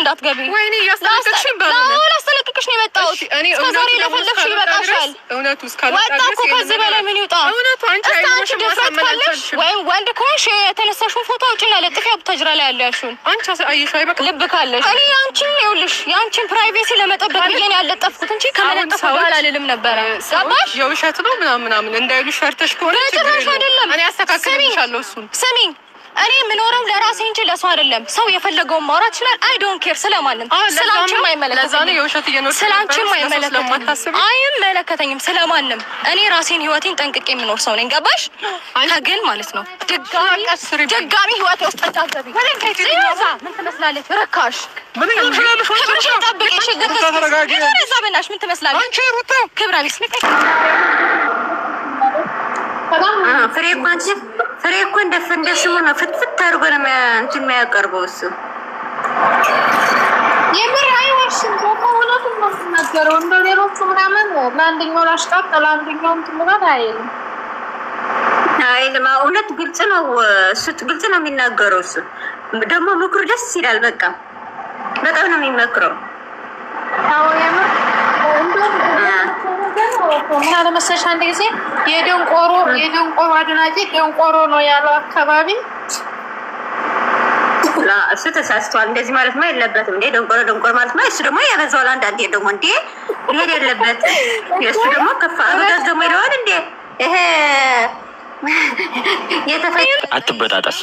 እንዳትገቢ። ወይኔ እያስጠነቀቅሽኝ ላስጠነቅቅሽ ነው የመጣሁት። እስከዛሬ ለፈለግሽ ይበቃሻል። ወጣ እኮ ከዚህ በላይ ምን ይውጣ? አንቺ ድፍረት ካለሽ ወይም ወንድ ከሆንሽ የተነሳሽውን ፎቶ አውጪና ለጥፊ ቡታጅራ ላይ ያለ ያልሽውን ልብ ካለሽ እኔ አንቺን ይኸውልሽ፣ የአንቺን ፕራይቬሲ ለመጠበቅ ብዬ ነው ያለጠፍኩት እንጂ ከመለጠፍ በኋላ ልልም ነበረ። ገባሽ? የውሸት ነው ምናምን ምናምን እንዳይሉሽ ፈርተሽ ከሆነ ጭራሽ አይደለም። እኔ አስተካክልልሻለሁ። እሱን ስሚኝ እኔ የምኖረው ለራሴ እንጂ ለሱ አይደለም። ሰው የፈለገውን ማውራት ይችላል። አይ ዶንት ኬር ስለማንም ስላንቺም አይመለከተኝም፣ ስላንቺም አይመለከተኝም፣ አይመለከተኝም ስለማንም። እኔ ራሴን ህይወቴን ጠንቅቄ የምኖር ሰው ነኝ። ገባሽ? ግን ማለት ነው ድጋሚ ድጋሚ ህይወቴ ውስጥ ታዘቢ ምን ትመስላለች? ርካሽ ምን ትመስላለች? ፍሬ እኮ እንደ እንደ ስሙ ነው፣ ፍትፍት አድርጎ ነው እንትን የሚያቀርበው እሱ የምር አይወርሽም ኮኮ እውነቱን ነው የምናገረው። እንደ ሌሎቹ ምናምን ለአንደኛው ላሽቃት ለአንደኛው እንትን ምናምን አይልም አይልም። እውነት ግልጽ ነው እሱ ግልጽ ነው የሚናገረው እሱ ደግሞ ምክሩ ደስ ይላል። በቃ በጣም ነው የሚመክረው። አዎ የምር እንደ ምን አለ መሰለሽ አንድ ጊዜ የደንቆሮ የደንቆሮ አድናቂ ደንቆሮ ነው ያለው አካባቢ እሱ ተሳስቷል። እንደዚህ ማለት ማለትማ የለበትም እንዴ! ደንቆሮ ደንቆሮ ማለት ማለትማ እሱ ደግሞ ያበዛዋል። አንዳንዴ ደግሞ እንዴ ይሄድ የለበት እሱ ደግሞ ከፋ በጋዝ ደግሞ ይለዋል እንዴ ይሄ አትበጣጠስ።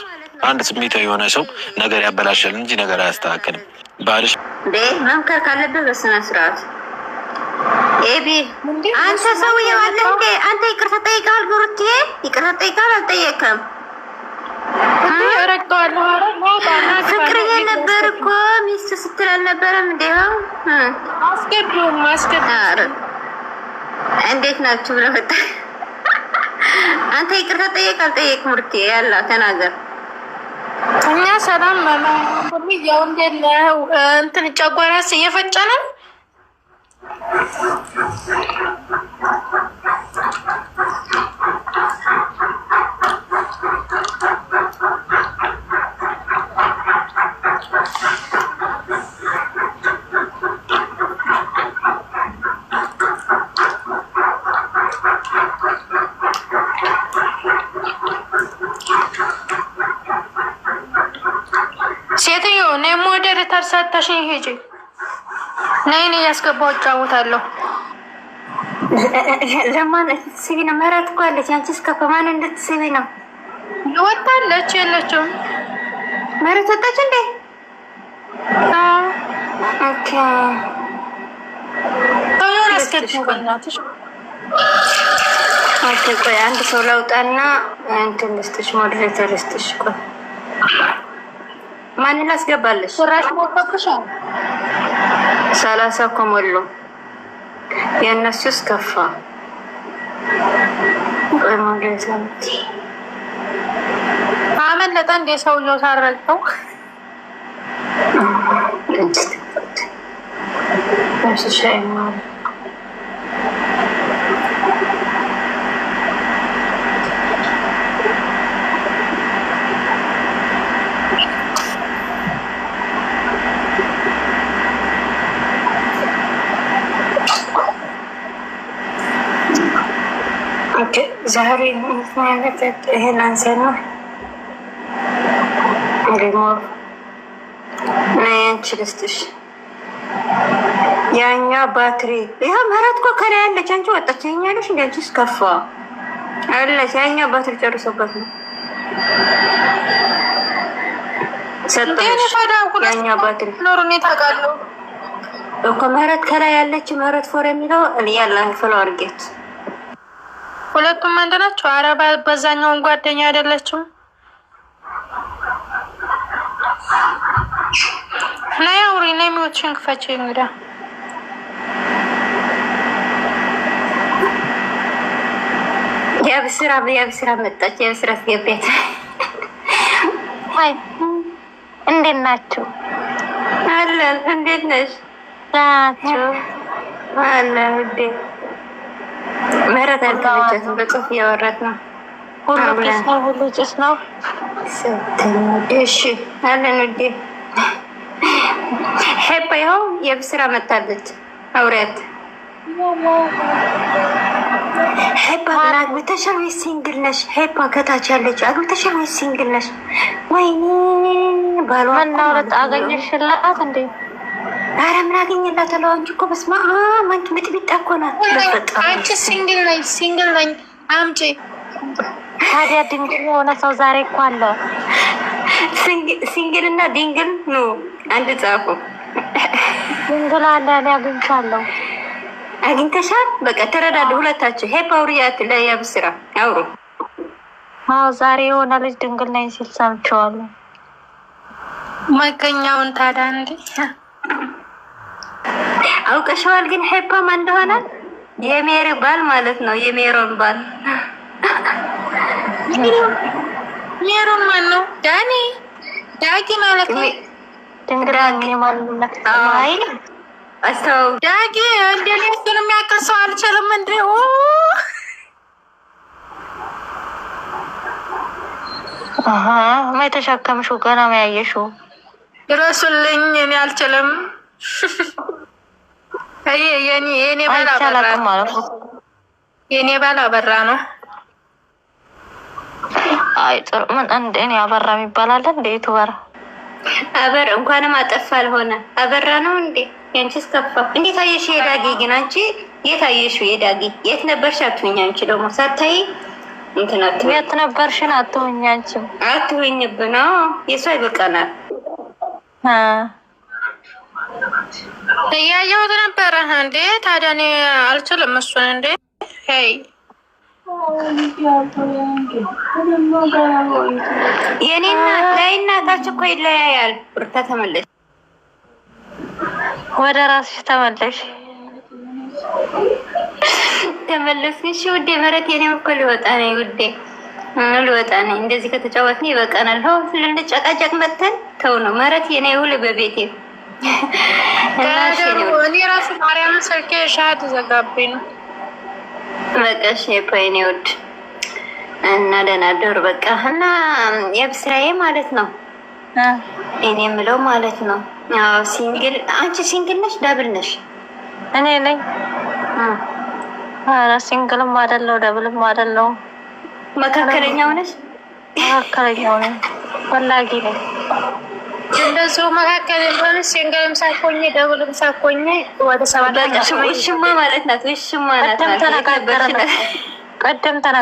አንድ ስሜታዊ የሆነ ሰው ነገር ያበላሻል እንጂ ነገር አያስተካከልም። ባልሽ መምከር ካለበት በስነ ስርዓት አንተ ሰውዬው አለ እንዴ? አንተ ይቅርታ ጠይቃል ጉርቴ፣ ይቅርታ ጠይቃል አልጠየቅም። ፍቅርዬ ነበር እኮ ሚስት ስትል አልነበረም? እንዲው አስገዱም አስገዱ እንዴት ናችሁ ብለህ መጣ። አንተ ይቅርታ ጠየቅ አልጠየቅ ሙርቴ ያላ ተናገር። እኛ ሰላም ነው ሁሉ ያው እንዴት ነው እንትን ጨጓራስ እየፈጨ ነው ሴትዮ እኔ የምወደድ ተርሳታሽኝ ሂጂ ነይ ነይ ያስገባው እጫወታለሁ። ለማን ስቢ ነው? ምህረት እኮ አለች። አንቺ እስከ ከማን እንድትስቢ ነው? ወጣለች የለችም? ምህረት ወጣች እንዴ? ኦኬ ቆይ አንድ ሰው ላውጣና እንትን ልስጥሽ፣ ሞዴሬተር ልስጥሽ። ቆይ ማንን ላስገባለሽ? ራሽ ሞፈቅሻል ሰላሳ እኮ ሞሉ። የእነሱስ ከፋ። አመለጠ እንዴ ሰውየው ሳረግተው ሻይ ዛሬ ምክንያት ይሄን አንሰና ደግሞ ናያንቺ ልስጥሽ ያኛ ባትሪ ይኸው ምህረት እኮ ከላይ ያለች አንቺ ወጣች ያኛለሽ እንዲ አንቺ ስከፋ አለች ያኛ ባትሪ ጨርሶበት ነው ሰጠኛ ባትሪ እኮ ምህረት ከላይ ያለች ምህረት ፎር የሚለው እያለ ፍሎ አርጌት ሁለቱም አንድ ናቸው። አረ በዛኛውን ጓደኛ አይደለችም። ነይ አውሪ፣ ነይ ሚዎችን ክፈች እንግዳ የብስራ የብስራ መጣች። የብስራ ስገቤት አይ እንዴት ናችሁ? አለን። እንዴት ነሽ ናችሁ? አለን። እንዴት ምህረት ያልተመቸትም በጽሁፍ እያወራት ነው። ሁሉ ጭስ ነው። ሁሉ ጭስ ነው። እሺ አለን ውዴ ሄባ ይኸው የብስራ መታለች። አውሪያት ሄባ ግን አግብተሻል ወይ ሲንግል ነሽ? ሄባ ከታች ያለችው አግብተሻል ወይ ሲንግል ነሽ? ወይኔ ባሏ እናውረት አገኘሽላት እንዴ? ኧረ ምን አገኘላታለሁ? አንቺ እኮ በስመ አብ አንቺ ሚጥሚጣ እኮ ናት። አንቺ ሲንግል ነኝ ሲንግል ነኝ አምጪ። ታዲያ ድንግል የሆነ ሰው ዛሬ እኮ አለ። ሲንግል እና ድንግል ኑ አንድ ጻፉ። ድንግል አለ እኔ አግኝቻለሁ። አግኝተሻል? በቃ ተረዳድ ሁለታችሁ። ሄ ፓውሪያት ላይ ያብስራ አውሩ። አዎ ዛሬ የሆነ ልጅ ድንግል ነኝ ሲል ሰምቼዋለሁ። መገኛውን ታዲያ እንዴ አውቀሽዋል ግን ሄፓ ማን እንደሆነ የሜሪ ባል ማለት ነው። የሜሮን ባል ሜሮን ማን ነው? ዳኒ ዳጊ ማለት ነው። ድንግራን ማን ነው? አይ አስተው ዳጊ እንደኔ እሱን የሚያክል ሰው አልችልም እንዴ! አሃ የተሸከምሽው ገና መያየሽው ድረሱልኝ፣ እኔ አልችልም። የኔ ባል አበራ ነው። አይ ጥሩ ምን እንደ እኔ አበራ ይባላል እንደ ዩቱበር አበር እንኳንም አጠፋ አልሆነ አበራ ነው እንዴ? ያንቺስ ከፋ። እንዴት አየሽ የዳጊ ግን አንቺ የት አየሽ የዳጊ? የት ነበርሽ አትሁኝ። አንቺ ደግሞ ሳታይ እንትን አትሁኝ። የት ነበርሽን አትሁኝ። አንቺም አትሁኝብን። የእሷ ይበቃናል። እያየሁት ነበረ እንዴ። ታዲያ እኔ አልችልም እሱን እንዴ። ሄይ የኔና ላይና እኮ ይለያያል። ብርታ ተመለሽ፣ ወደ ራስሽ ተመለሽ፣ ተመለስን። እሺ ውዴ፣ መረት የኔም እኮ ሊወጣ ነኝ ውዴ፣ ልወጣ ነኝ። እንደዚህ ከተጫወትን ይበቃናል። ሆ ልንጨቃጨቅ መተን ተው ነው መረት የኔ ውል በቤቴ እኔ ራሱ ማርያምን ስልኬ ሻህ ተዘጋብኝ ነው። በቃ እሺ፣ ውድ እና ደህና ደሩ። በቃ እና የብስራዬ ማለት ነው እኔ የምለው ማለት ነው። አዎ ሲንግል፣ አንቺ ሲንግል ነሽ ደብል ነሽ? እኔ ነኝ። ኧረ ሲንግልም አይደለው ደብልም አይደለው መካከለኛው ነሽ? መካከለኛው ነኝ፣ ፈላጊ ነኝ እንደዚሁ መካከል እንደሆነ ሲንገልም ሳኮኝ ደብልም ሳኮኝ ወደ ሰባት ሽማ ማለት ናት። ሽማ ናት። ቀደም ተነጋገረ።